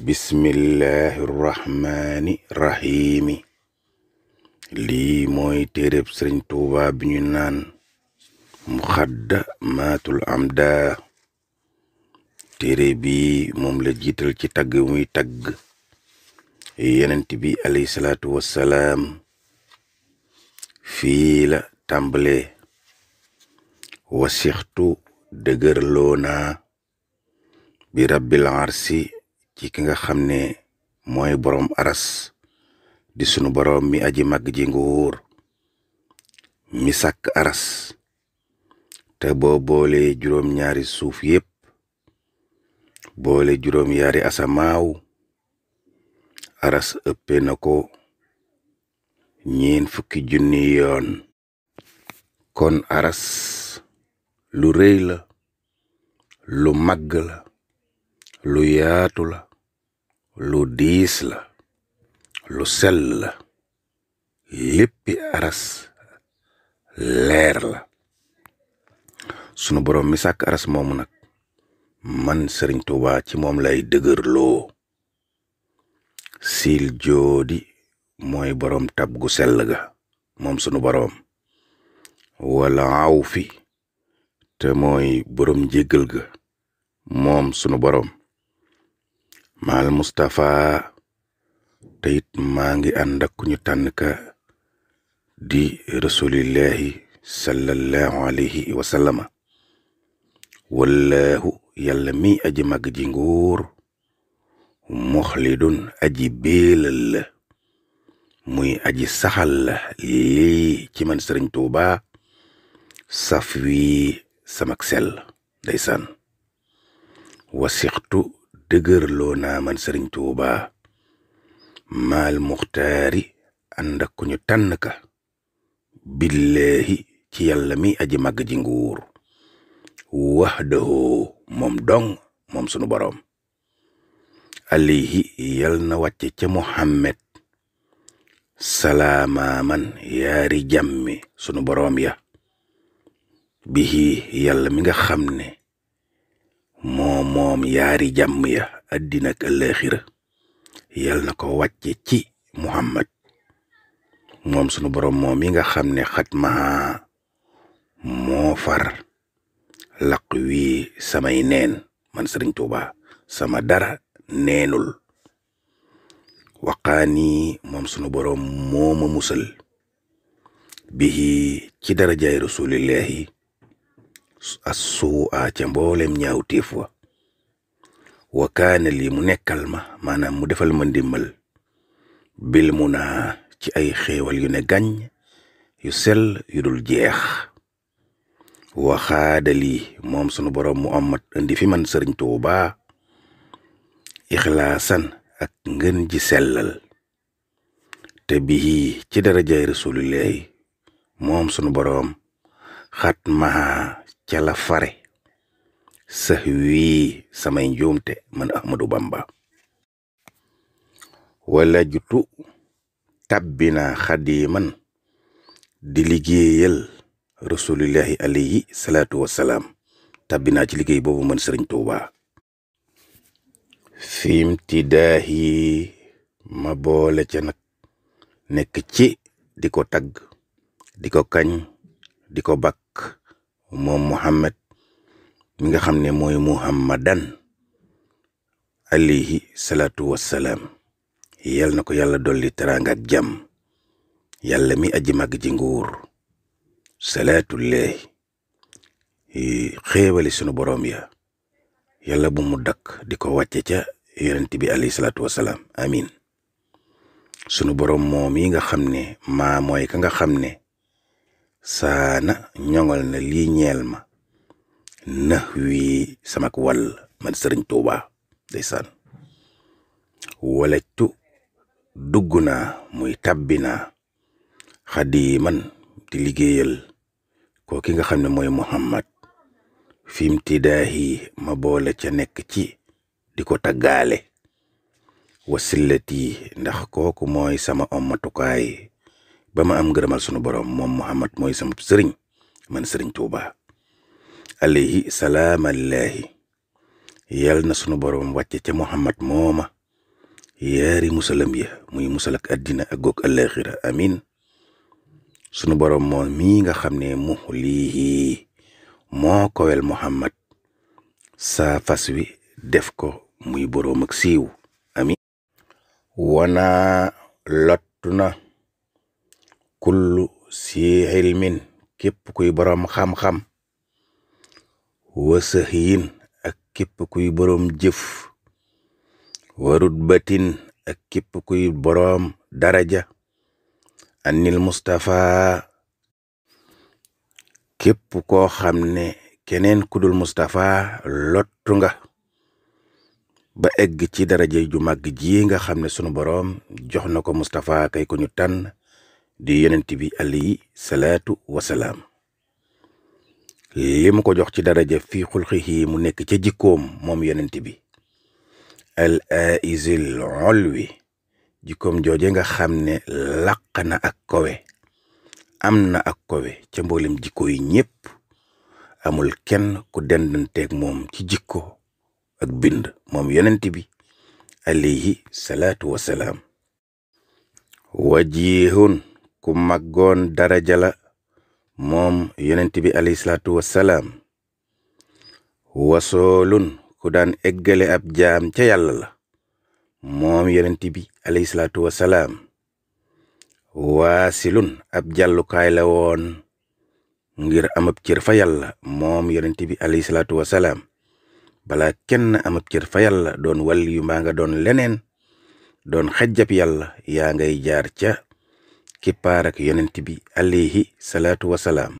bismillahi rahmaani rahiimi lii mooy téereb sëriñ tuuba bi ñu naan muxaddamaatul amda téere bi moom la jiital ci tagg muy tagg yenent bi alayhi salaatu wassalaam fii la tàmbale wasixtu dëgërloonaa bi rabbil arsi ci ki nga xam ne mooy boroom aras di sunu boroom mi aji màgg ji nguur mi sàkk aras te boo boole juróom-ñaari suuf yépp boole juróom yaari asamaaw aras ëppe na ko ñeen fukki junni yoon kon aras lu rëy la lu màgg la lu yaatu la lu diis la lu sel la léppi aras leer la sunu boroom mi sàkk aras moomu nag man sëriñ Tuubaa ci moom lay dëgër dëgërloo siil joodi mooy boroom tab gu sell ga moom sunu boroom wala aw fi te mooy boroom njéggal ga moom sunu boroom maal Moustapha te it maa ngi ànd ñu tànn di rasulillahi sallallahu alayhi wa sallama wallahu mi aji màgg ji nguur muxlidun aji béelal muy aji saxal lii ci man sëriñ Tuuba saf samak sell ndeysaan wasixtu dëgërloo na man sëriñ tuuba maal muxtaari ànd ak ku ka billeehi ci yàlla mi aji màgg ji nguur waxdahoo moom dong moom sunu boroom alayhi yal na wàcce ca muhammed salaamaaman yaari jàmmi sunu boroom ya bihi yàlla mi nga xam ne moo moom yaari jàmm ya àddina ak ëllëxira yal na ko wacce ci muhammad moom sunu borom moom yi nga xam ne xatma moo far laq wii samay neen man sëriñ Tuuba sama dara neenul waqaani moom sunu borom moo ma musal bihi ci darajaay rasulillahi a suu a ca mboolem ñaawteef wa lii mu nekkal ma maanaam mu defal ma ndimmal bil mu naa ci ay xéewal yu ne gàññ yu sell yu dul jeex waxaadali moom sunu boroom mu amat indi fi man sëriñ Tuubaa ixlaasan ak ngën ji sellal te bii ci darajay rasulillahi moom sunu boroom xat maa calafare sax wii samay njumte man Ahmadou Bamba wala jutu tabbina xadiman di liggéeyal rasulillahi alayhi salaatu wasalaam tabbinaa ci liggéey boobu man sëriñ Tuuba fi imtidaahi ma boole ca nag nekk ci di ko tagg di ko kañ di ko bakk moom muhammad mi nga xam ne mooy muhammadan alayhi salaatu wassalaam yal na ko yàlla dolli teraanga ak jàmm yàlla mi aji màgg ji nguur salaatullahi xéewali sunu borom ya yalla bu mu dakk di ko wàcce ca yonent bi alayhi salaatu wassalaam amin sunu boroom moom yi nga xam ne maa mooy ka nga xam ne saana ñoŋal na lii ñeel ma na wii samak wàll man sëriñ tuubaa ndeysaan walajtu dugg na muy tàbbi naa man di liggéeyal ko ki nga xam ne mooy muhammad fimtidaahi ma boole ca nekk ci di ko taggaale wasillati ndax kooku mooy sama ommatukaay ba ma am ngërëmal sunu borom moom Muhammad mooy sama sëriñ man sëriñ Tuuba alayhi salaamallaahi yàlla na sunu borom wàcce ca Muhammad mooma yaari musalam ya muy musal ak àddina ak goog àllaaxira amin sunu borom moom mii nga xam ne mu lii moo kowel Muhammad saa fas wi def ko muy boroom ak siiw amin wana lottu na kullu si xilmin képp kuy boroom xam-xam wasax yin ak képp kuy boroom jëf warut batin ak képp kuy boroom daraja anil Mustafa képp koo xam ne keneen kudul Mustafa lottu nga ba egg ci daraja ju màgg ji nga xam ne sunu borom jox na ko Mustafa kay ko ñu tànn di yonent bi alayhi salaatu wasalaam li mu ko jox ci daraja fii xulxihi mu nekk ca jikkoom moom yonent bi al aisil jikkoom jooje nga xam ne làq na ak kowe am na ak kowe ca mboolem jikko yi ñépp amul kenn ku dendanteeg moom ci jikko ak bind moom yonent bi alayhi salaatu wasalaam wajihun ku màggoon daraja la moom yonent bi alayhi salaatu wassalaam wasoolun ku daan eggale ab jaam ca yàlla la moom yonent bi alayhi salaatu wassalaam waasilun ab jàllukaay lawoon woon ngir amab cër fa yàlla moom yonent bi alayhi salaatu wassalaam bala kenn amab cër fa yàlla doon wàll yu maa nga doon leneen doon xajjab yàlla yaa ngay jaar ca kippaar ak yonent bi alayhi salaatu wasalaam